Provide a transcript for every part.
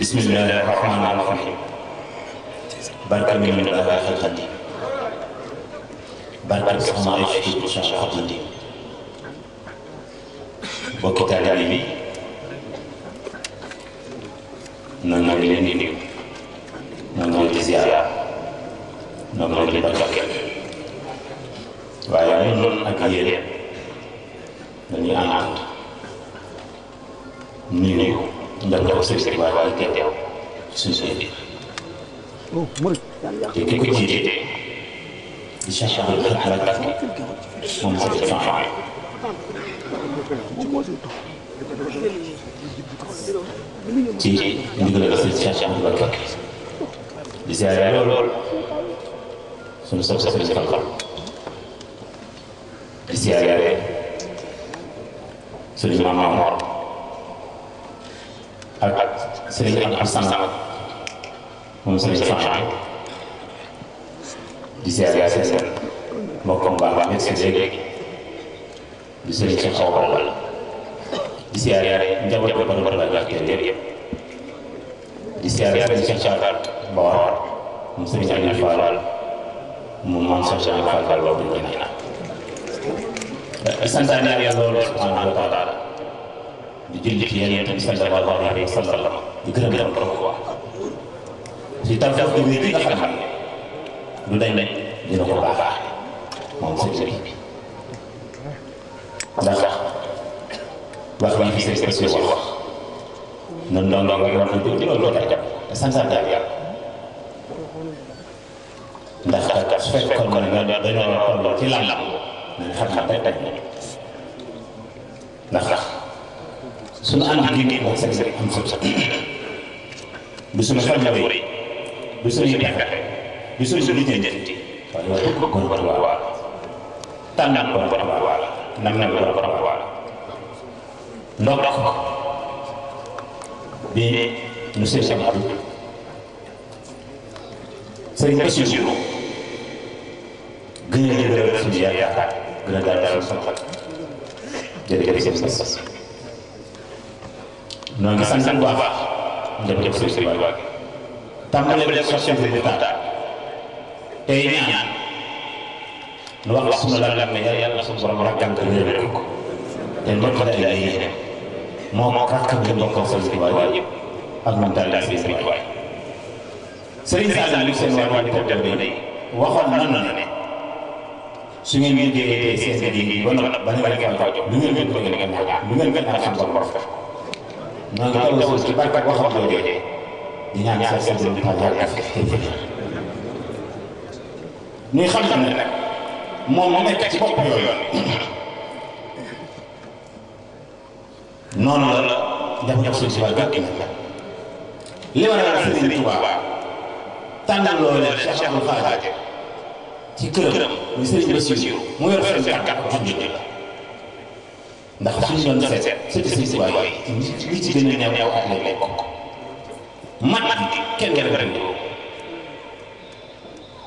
بسم الله الرحمن الرحيم بارك من الله خلق الرحيم بارك السماء في الرحيم خلق الدين وكتا لعلمي نعم لنيني نعم لزيارة نعم لبركة وعلى من أكيد من أنا نيني njabootu sëriñ Sëriñ Bara Dolly teew suñu suñu biir te ki ko jiite di Cheikh Abdou Khadre Mbacké moom sëriñ Sëriñ Bara ci ndigal la sëriñ Cheikh Abdou Khadre Mbacké di ziare lool suñu sopp sopp si xam-xam di ziare suñu maam Mor ak sëriñ am ab sama di ziare seen mbokkam baax baax si di sëriñ di ziare njaboot ba borom borom ak kër di ziare sëriñ si xaw bawar moom sëriñ Aliou Fall moom Mungkin sëriñ Aliou Fall Fall di julli ci Yonent bi sallallahu alayhi wa sallam di gërëm gërëm borom ko si taw taw bi muy bi nga xam ne lu day ne dina ko baax moom sëriñ bi ndax wax bi fi sëriñ bi wax noonu noonu la war na jóg loolu la jàpp te santaat daal yàlla ndax su fekkoon ne dañoo dañoo tolloo ci lan la xam na day daj na ndax sudah ànd gi di wax sëriñ am sëb sëb bu sunu xel ñëwee bu sunu pexe bu sunu lijjanti waaye ko ko war waa tànnal ko borom waa nam nam ko borom waa ndox ndox bi nu sëriñ sama abdu sëriñ ba suñu gën a jëndal suñu jadi jadi noo ngi sant bu baax njabootu Sëriñ Tuubaa gi tàmbalee ko Cheikh Sidi Muxtaar tey ñaan nu wax sunu la lamme yàlla sunu borom rek jàngal wéeru ko te lépp la ay Sering moo moo rakkam yi bokkoon Sëriñ Tuubaa yëpp ak man daal daal di ko demee waxoon nañu ne su ngeen liggéeyee seen liggéey ñoo ngi toll si barke boo xam ne jooju di ñaan sa sëñ bi mu yàgg fi ñuy xam ne nag moom moo nekk ci bopp yooyu noonu la dem ñëpp suñ si wàllu gàtt li ma la Sëriñ Tuubaa tànnal loo leen Cheikh Abdou Khadre ci këram muy Sëriñ Bassirou mu yor seen gàtt junj la ndax suñu doon seet sëti sëñ Tuubaa yi ñi ci gën a néew ak lay lay bokk man kenn kenn werante ko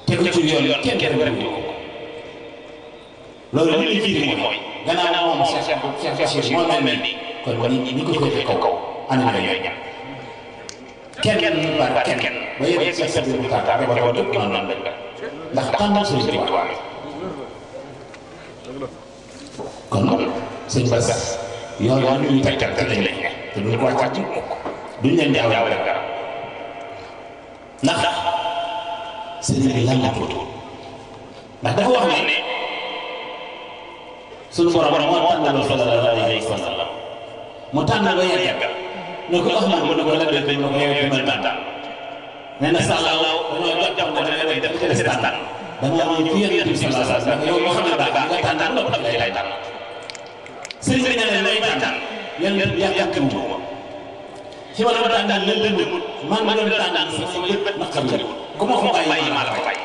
te lu ci yoon yoon kenn kenn werante ko loolu li jiite mooy gannaaw moom Cheikh Cheikh Bachir moo mel nii kon ñi ñi ko féete kaw kaw ànd na ñooy kenn kenn ba kenn kenn ba yéen Cheikh Cheikh Bachir la ndax tànn Sëriñ Tuubaa kon sëñ ba sax yoon yoon yu ñu tegtal te lañ lañ te duñ ko wàcc duñ leen jaaw jaaw rek ndax sëñ bi lan la tuuti ndax dafa wax ne suñu borom moo tànnaloo sallallahu alayhi wa sallam mu tànnal ba yar yàggal ne ko Ahmad mu ne ko lan dañ ko yow di mën tànn nee na sàllaaw dañoo jot jàpp ne da ngay def ci des tànn dañoo am ci yéen yéen yow yoo xam ne daal nga tànn nga ko def lay tànn sëriñ bi nee na lay tànn yan yan yàkkam tuuma ci ma doon tànn lënd lëmut man ma doon tànn sax sama yëpp naqar la ku ma ko bàyyi maa la ko bàyyi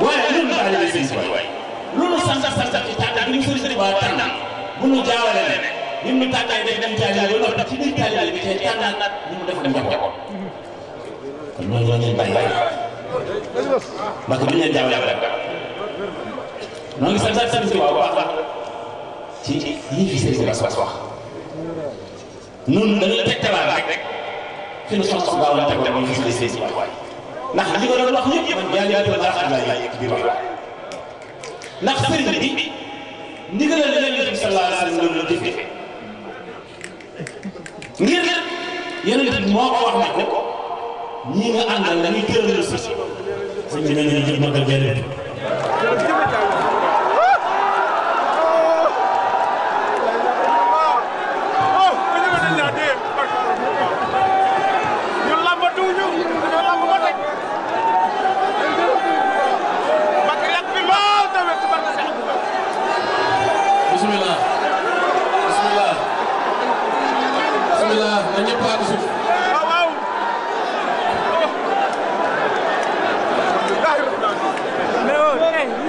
waaye loolu daal la sëriñ bi waaye loolu sant sant ci tànn ni sëriñ bi waa tànn bu nu parce que duñ leen jaaw jaaw rek ñoo ngi sant sant si waaw baax baax ci lii fi sëriñ bi wax wax ñun dañuy tegtalaat rek fi ñu soxla gaaw la teg demoon fi sëriñ si waay ndax li ko doon wax ñëpp yëpp yaa yaa doon dara laa yëg biir wax ndax sëriñ bi ndigal la leen bi sallallahu alayhi wa sallam doon la jëfee ngir yonent bi moo ko wax ne ko ñi nga àndal dañuy tëral sa sëñ bi nee na ñu jëm màggal Gaynde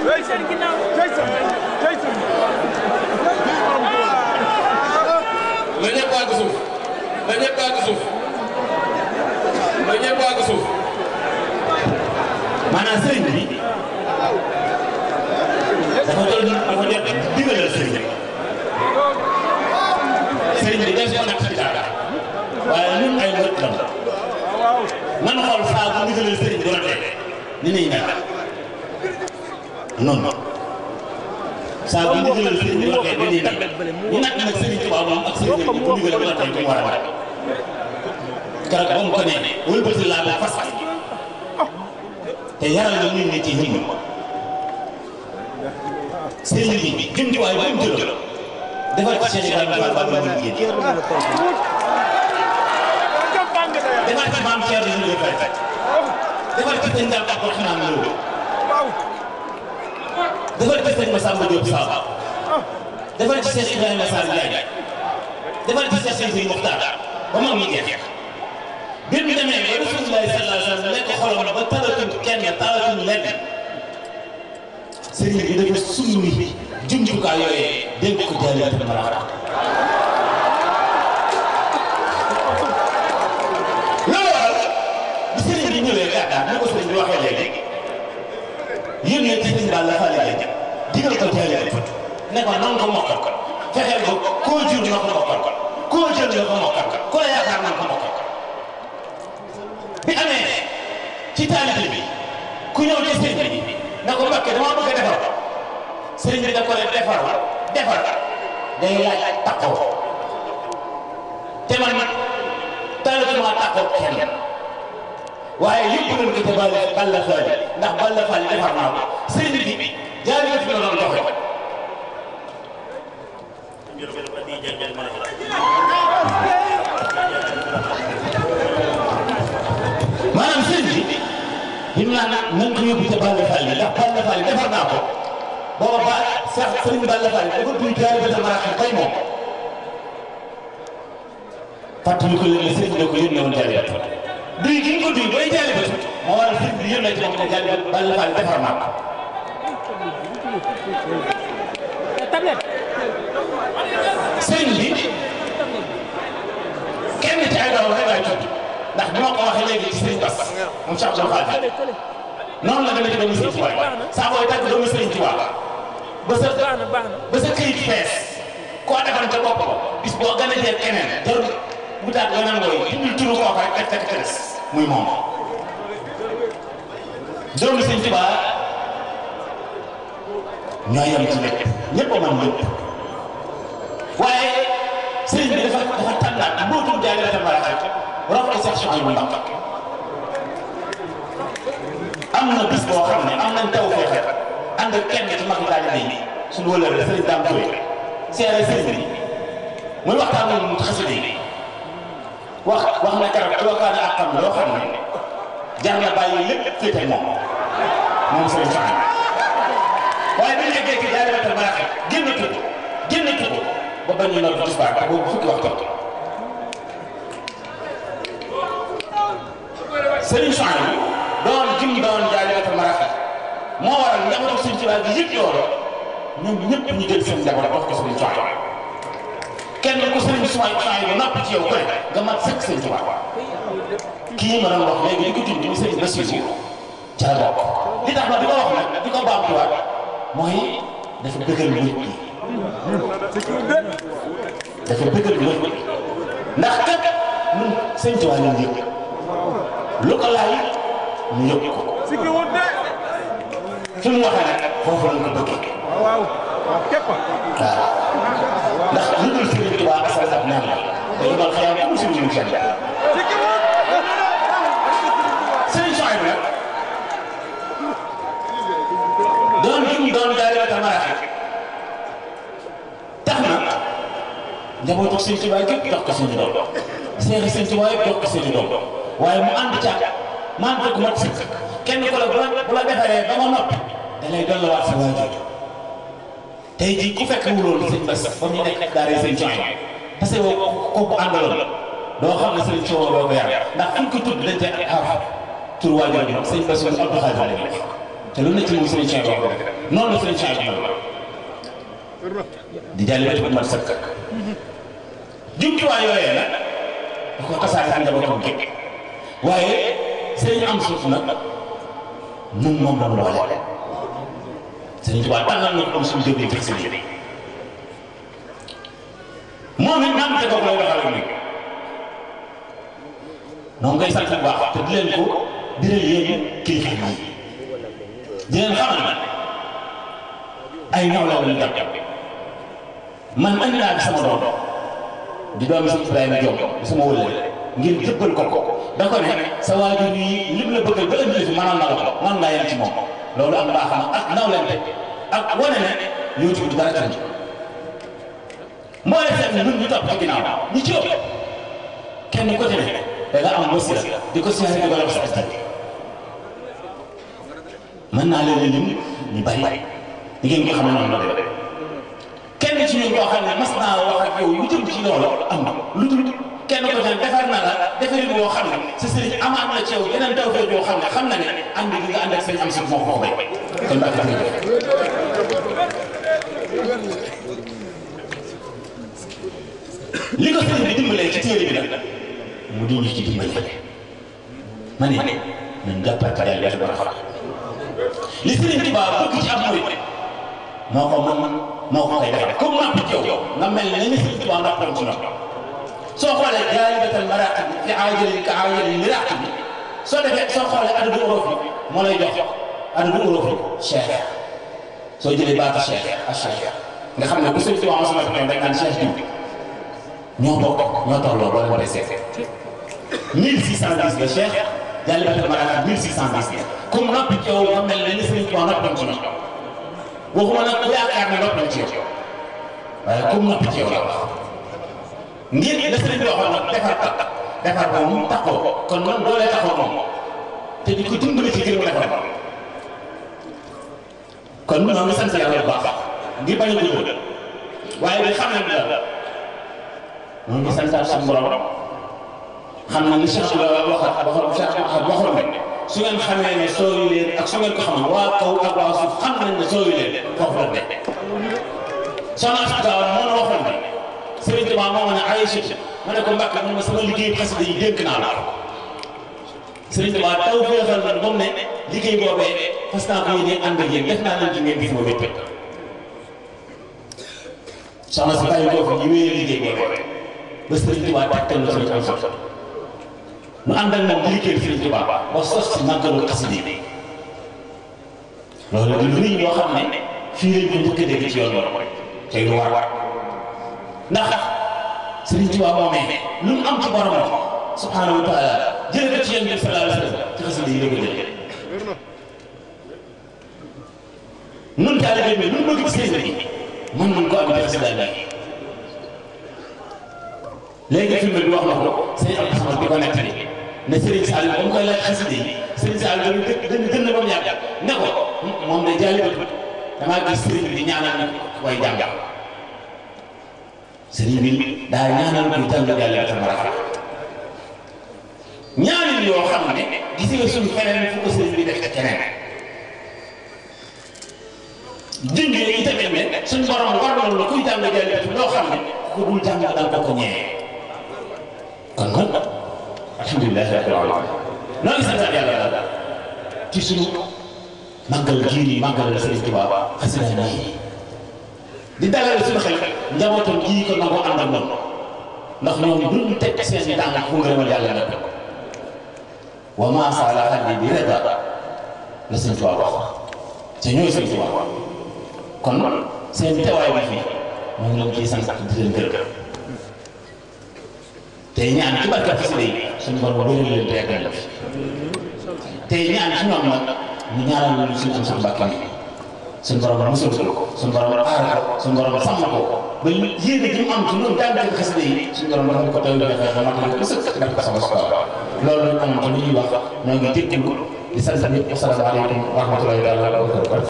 na ñëpp àgg suuf na ñëpp àgg suuf na ñëpp àgg suuf maanaam sëriñ bi dafa toll dafa jot digalal sëriñ bi sëriñ bi dañ ko natt ci dara waaye ñun ay mbët lan man xool saa bu digalal sëriñ bi doon teg ni ñuy mel noonu saa bu ñu digalal sëriñ bi waxee dañuy ne ñu nag nag sëriñ Tuubaa moom ak sëriñ bi ku digal wala tey ko ne wëlbati laa ba bi jëm ci waay bu mu jëloon defal ci Cheikh Ibrahima Fall ba mu liggéey defal ci maam Cheikh Ibrahima Fall defal ci sëñ Daam defal ci sëñ Massamba Diop Samb defal ci Cheikh Ibrahima Sall Ndiaye defal ci Cheikh Seydi Mokhtar ba moom ñu jeex bir mu demee ba Rasulullah sallallahu alayhi wa sallam nekk xolam ba talatul kenn talatul lenn sëriñ bi dafa summi jumtukaay yooyee dénk ko jaaliyatul maraax loolu waral bi sëriñ bi ñëwee gàddaa na ko sëriñ bi waxee léegi yónnee ci Sëñ Balla Fall Diagne digal ko teel a ne ko nan ko mokkal ko fexeel ko koo jur nga ko mokkal ko koo jël nga ko mokkal ku la yaakaar nan ko mokkal ko bi amee ci taalibe ku ñëw ci sëñ bi na ko Mbàkke dama defar ko sëriñ bi da ko leen defar defar day laaj taxaw te man man taalibe ma taxaw kenn waaye yëpp nañ ko ci Balla Fall ndax Balla Fall defar naa ko sëñ bi jaar yëf la doon doxe maanaam sëñ bi ñu naan nañ ko yóbbu ca Balla Fall ndax Balla Fall defar naa ko booba ba sax sëñ Balla Fall dafa duy jaari bata maraxi bay moom fàttali ko leen ne sëñ bi da ko yónnee woon jaari duy gi ñu ko duy bay jàll ba moo waral sëñ bi yëpp la ci moom ba la faal defar naa ko sëñ bi kenn ci ay doom rek jot ndax bu ma ko waxee léegi ci sëñ Bas moom Cheikh Abdou Khadre noonu la gën a doomu sëñ Tuubaa saa booy tàgg doomu sëñ Tuubaa ba sa ba sa këyit fees koo defal ca bopp boo gën a jël keneen jarul bu taat gën a ngooy turu koo xam fekk fekk muy moom doomu sëñ Tuubaa ñoo yem ci lépp ñëpp a mën lépp waaye sëñ sax soxla bu ndax am bis boo xam ne am nañ taw fexe ak kenn ci mag daal di suñu wëlëre sëriñ Dame mu xasida yi wax wax na keroog alookaane ak xam loo xam ne jar na bàyyi lépp féete moom moom Serigne Fallou waaye bi ñu yeggee ci Dahiratoul Marakhib génn tudd génn tudd ba bañ ñu noonu tisbaar te boobu fukki waxtu Serigne Fallou kenn ku sëriñ suwaay taay ba napp ci yow ko ne nga mat sëkk sëriñ kii ma doon wax léegi di ko tudd ñu sëriñ Basiiru ca la bokk li tax ma di ko wax nag di ko baamtuwaat mooy dafa dëggal nit dafa dëggal nit ñi ndax kat ñun sëriñ Tuubaa lu ko laay ñu yëpp ko fi mu waxee nag foofu lañ ko waaw ndax lu dul Sëriñ Tuubaa asal ak naan la te ñu doon xayma amul suñu jëm jëm sëriñ Soxna bi nag doon gi mu doon daayiratul maraaxib tax na njabootu Sëriñ Tuubaa gépp jox ko seen i doom seexi Sëriñ Tuubaa yëpp jox ko seen i doom waaye mu ànd ca maanaam dëgg mat sëkk kenn ku la bu la defaree ba nga noppi da lay dolliwaat sa waajur tey jii ku fekk wu loolu sëñ Bass fa mu nekk daara sëñ Thioin parce que kooku àndaloon doo xam ne sëñ Thioin boo ko yar ndax fu ko tudd dañ cee xaar tur waajur bi sëñ Bass Abdou Khadre la def ne ci moom sëñ Thioin boo noonu la sëñ Thioin bi di jàll ba ci mat sëkk jumtuwaay yooyee nag da ko tasaare ak njabootam gi waaye sëñ am suuf nag ñun Sëriñ Tuubaa tànnal na ko am suñu jëwriñ fekk si lii moom it naan te boog lay waxal ak léegi noonu ngay sant bu baax di leen ko biral yéen kilifa yi di leen xamal ay naw la wala jàpp man andi naa sama doom di doomi si Ibrahima Diop di sama wëllëg ngir jëbbal ko ko da ko ne sa waajur yi lim la bëggal ba indi fi mënoon na la ko mën yem ci moom. loolu am baaxam ak nawlante le wane ne YouTube du dara ci mooy seen ñun ñu topp ci ginnaaw ñu kenn côté ne da am wasila di ko siyaare di ko def sa stade mën naa leen lim ñu bari di ngeen ko xam ne noonu la kenn ci ñun koo xam ne mas naa lu jëm am lu dul kenn ko ne defar na la defari bi boo xam ne sa sëriñ amaat na ci yow yeneen taw feeg yoo xam ne xam na ne ànd gi nga ànd ak sëñ am si moo ko bay kon ndax dafa jëf. li ko sëriñ bi dimbalee ci téere bi nag mu dindi ci dimbali ma ne nañ jàppal ka yàlla yàlla war a li sëriñ bi baa bëgg ci am murit moo ko mën moo ko koy defal comme maa ko yow nga mel ne ni sëriñ bi baa ndax tam ci noonu. soo xoolee jaalibatal maraaqib fi aajali ka aajali miraaqib bi soo defee soo xoolee adadu uruf bi moo lay jox adadu uruf bi cheikh soo jëlee baatu cheikh ak cheikh nga xam ne bu sëñ Tuubaa sama fi dañ naan cheikh diw ñoo bokk ñoo tolloo boo leen koy seet 1610 la cheikh jaalibatal maraaqib 1610 la comme noppi ci yow nga mel ne ni sëñ Tuubaa noppam ci waxuma nag yaakaar ne noppam ci yow waaye comme noppi ci yow la wax ngir la sëriñ bi waxoon nag te di ko dimbali ci gërëm defar kon noo ngi sant yàlla bu baax a gudd ngi santaat suñu borom xam na ni Cheikh la waxat waxoon Cheikh Ahad waxoon rek su ngeen xamee ne sooyu leen ne sooyu leen foofu la ne ne Sëriñ Tuubaa moo ma ne Aïcha ma ne ko Mbàkke ma sama liggéey xasida yi dénk naa la ko Sëriñ Tuubaa taw féexal man moom ne liggéey boobee fas naa ko si bàyyi ko fi ñu wéyee liggéey boobee ba Sëriñ Tuubaa tàkkal la suñu am liggéey Sëriñ Tuubaa ba sos si màggalu xasida yi loolu di lu rëy yoo xam ne fii lañ ko njëkk ci yoon tey lu war ndax Sëriñ Tuubaa moomee lu mu am ci borom la subhaanahu wa taala jëlee ko ci yéen ñëpp sallallahu alayhi wa sallam ci xasida yi la ko nun taalibe bi nun bëgg ci sëriñ bi mën ko am ci xasida bi léegi film bi wax na ko sëriñ Abdou Samad di ko nettali ne Sëriñ Saliou ba mu koy laaj xasida yi Sëriñ Saliou dañu gën gën na ba mu yàgg ne ko moom day jàllale damaa gis sëriñ bi di ñaanal nag way sëriñ bi daa ñaanal kuy tànn yàlla tabaraka ñaanal yoo xam ne gis nga suñ feneen fu ko sëriñ bi def keneen dindee itamit ne suñ borom war na la kuy tànn yàlla loo xam ne ku dul tànn da nga ko ñëwee kon nag alhamdulilah rabbil alamin noo ngi sant yàlla daal ci suñu màggal gii nii màggal la sëriñ Tuubaa xasida nii di dalal suñu xel njabootam ji ko nangoo ànd ak moom ndax ñoom duñ teg seen tànk fu ngërëmal la wa maa saala hadi bi reda la sëñ Tuubaa wax te ñooy sëñ Tuubaa kon seen teewaay bi fii maa ngi leen ciy sant di leen gërëm tey si day suñu borom doon leen teegal def tey ñaan ci ñoom nag ñu ñaanal suñu borom borom sunu ko suñu borom borom aar ko suñu borom borom sàmm ko ba yéene gi mu am ci ñun daan daan yi suñu borom borom loolu lañ am ko li ñuy wax ñoo ngi